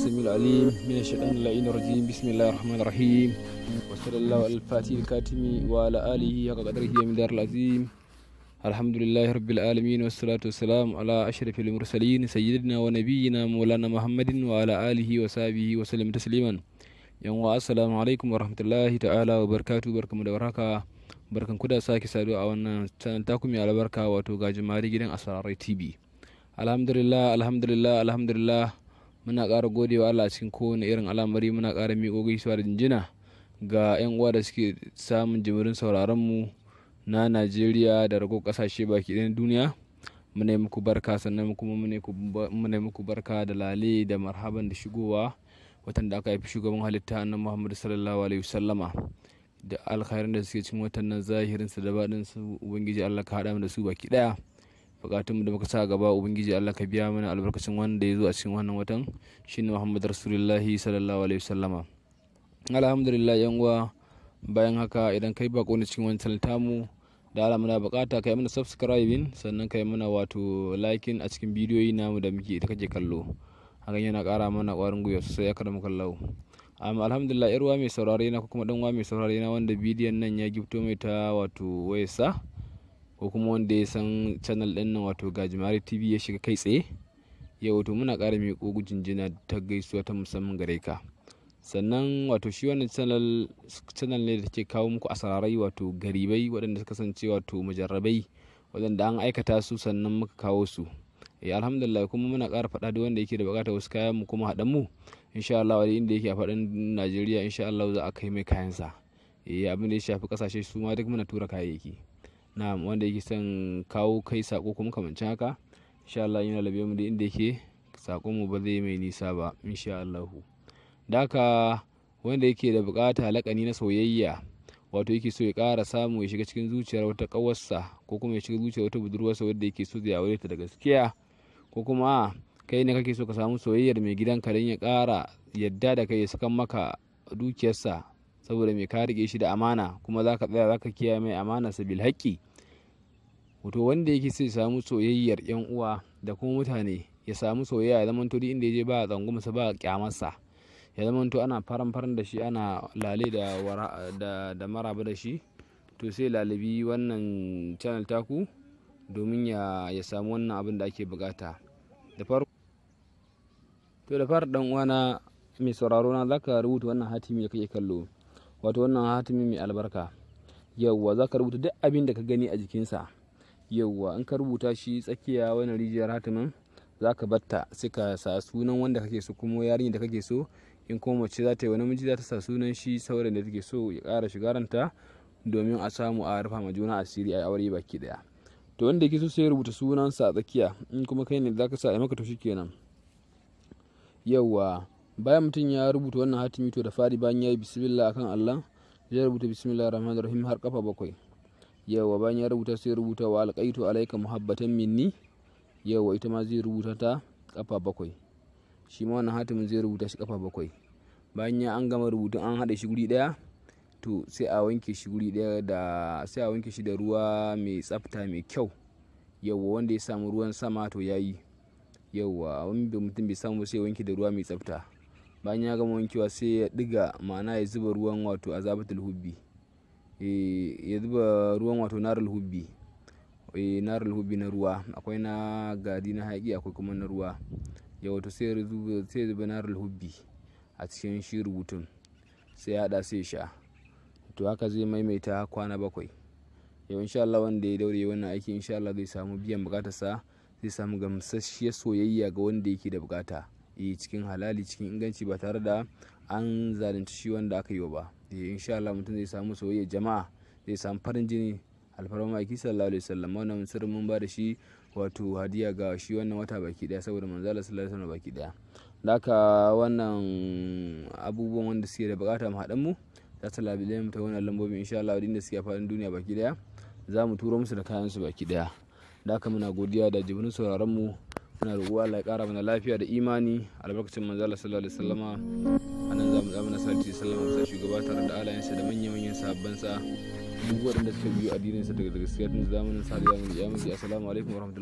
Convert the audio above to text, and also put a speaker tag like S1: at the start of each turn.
S1: السميع العليم من الشيطان اللعين الرجيم بسم الله الرحمن الرحيم وصلى الله على الفاتح الكاتم وعلى آله وقدره من دار العظيم الحمد لله رب العالمين والصلاة والسلام على أشرف المرسلين سيدنا ونبينا مولانا محمد وعلى آله وصحبه وسلم تسليما يوم السلام عليكم ورحمة الله تعالى وبركاته بركم دورك barkan ku da sake saduwa a wannan channel taku mai albarka wato gajimari gidan asararai tv alhamdulillah alhamdulillah alhamdulillah muna ƙara godewa Allah cikin kowane irin al'amari muna ƙara miƙo gaisuwa da jinjina ga 'yan uwa da suke samun jimirin sauraron mu na Najeriya da rago kasashe baki ɗayan duniya muna muku barka sannan kuma muna muku barka da lale da marhaban da shigowa watan da aka haifi shugaban halitta annan Muhammadu sallallahu alaihi wasallama da alkhairin da suke cikin watan nan zahirin su da baɗin su ubangiji Allah ka haɗa mu da su baki ɗaya bukatun da muka sa gaba ubangiji Allah ka biya mana albarkacin wanda ya zo a cikin wannan watan shine Muhammad Rasulullah sallallahu alaihi wasallama alhamdulillah yan uwa bayan haka idan kai bako ne cikin wancan tamu da Allah muna bukata kai mana subscribing sannan kai mana wato liking a cikin bidiyoyi namu da muke ita kake kallo hakan yana kara mana kwarin gwiwa sosai ya kada mu kallau alhamdulillah irwa mai saurare na ko kuma danwa mai saurare na wanda bidiyon nan ya gifto mai ta wato wayarsa ko kuma wanda ya san channel din nan wato gajimare tv ya shiga kai tsaye yau wato muna ƙara miƙo gujinjina ta gaisuwa ta musamman gare ka sannan wato shi wannan channel channel ne da take kawo muku asararai wato garibai waɗanda suka kasance wato majarrabai waɗanda an aikata su sannan muka kawo su eh alhamdulillah kuma muna kara faɗa da wanda yake da buƙatar wasu kayan mu kuma haɗan mu insha Allah wani inda yake a faɗin Najeriya insha Allah za a kai mai kayansa eh abin da ya shafi kasashe su ma duk muna tura kayayyaki na wanda yake son kawo kai sako kuma kamancin haka insha Allah yana labe mu da inda yake sako mu ba zai mai nisa ba insha Allah daka wanda yake da bukata lakani na soyayya wato yake so ya kara samu ya shiga cikin zuciyar wata ƙawarsa ko kuma ya shiga zuciyar wata budurwarsa wadda yake so ya aure ta da gaskiya ko kuma kai ne kake so ka samu soyayyar mai gidanka don ya kara yadda da kai ya saka maka dukiyarsa saboda mai ka rike shi da amana kuma zaka tsaya zaka kiyaye mai amana sabil haƙƙi wato wanda yake sai samu soyayyar yan uwa da kuma mutane ya samu soyayya ya zamanto duk inda je ba a tsangumsa ba a kyamarsa ya zamanto ana faran faran da shi ana lale da da, da maraba da shi to sai lalabi wannan channel taku domin ya, ya samu wannan abin da ake bukata da farko to da fara dan uwana mai sauraro na zaka rubuta wannan hatimi da kake kallo wato wannan hatimi mai albarka yawwa za ka rubuta duk abin da ka gani a jikinsa yawwa in ka rubuta shi tsakiya wani rijiyar hatimin za ka batta sai ka sa sunan wanda kake so kuma yarinya da kake so in kuma mace za ta yi wani miji za ta sa sunan shi saurayin da take so ya kara shiga ranta domin a samu a rufa ma juna asiri a aure baki daya to wanda yake so sai rubuta sunansa a tsakiya in kuma kai ne za ka sa a maka to kenan yawwa bayan mutum ya rubuta wannan hatimi to da fari bayan ya yi bismillah akan Allah zai rubuta bismillah rahman rahim har kafa bakwai yawa bayan ya rubuta sai rubuta wa alƙaitu alaika muhabbatan minni yawa ita ma zai rubuta ta kafa bakwai shi ma wannan hatimin zai rubuta shi kafa bakwai bayan ya an gama rubutun an haɗa shi guri ɗaya to sai a wanke shi guri daya da sai a wanke shi da ruwa mai tsafta mai kyau yawa wanda ya samu ruwan sama to yayi yawa wanda mutum bai samu sai wanke da ruwa mai tsafta bayan ya gama wankewa sai ya diga ma'ana ya zuba ruwan wato azabatul hubbi eh, ya zuba ruwan wato narul hubbi eh, narul hubbi na ruwa akwai na gari na haƙi akwai kuma na ruwa ya wato sai ya zuba narul hubbi a cikin shi rubutun sai ya haɗa sai ya sha to haka zai maimaita kwana bakwai yau insha Allah wanda ya daure wannan aiki insha Allah zai samu biyan bukatarsa zai samu gamsasshiyar soyayya ga wanda yake da bukata cikin halali cikin inganci ba tare da an zalunci shi wanda aka yi wa ba eh, sha Allah mutum zai samu soyayya jama'a zai samu farin jini alfarma kisa sallallahu alaihi sallam wannan sirrin mun ba da shi wato hadiya ga shi wannan wata baki daya saboda manzala sallallahu alaihi wani baki daya haka wannan abubuwan wanda suke da bukata mu hadan mu za ta mu ta wannan lambobin insha Allah da suke faɗin duniya baki daya za mu turo musu da kayan su baki daya da muna godiya da jibrin sauraron mu muna roƙo Allah ya ƙara mana lafiya da imani albarkacin manzo Allah sallallahu alaihi wasallama anan za mu zama sallallahu sallama musa shugaba tare da alayansa da manyan manyan sahabban sa duk wanda suka biyo addinin sa daga gaskiya tun zamanin sa da zamanin ya mutu assalamu alaikum warahmatullahi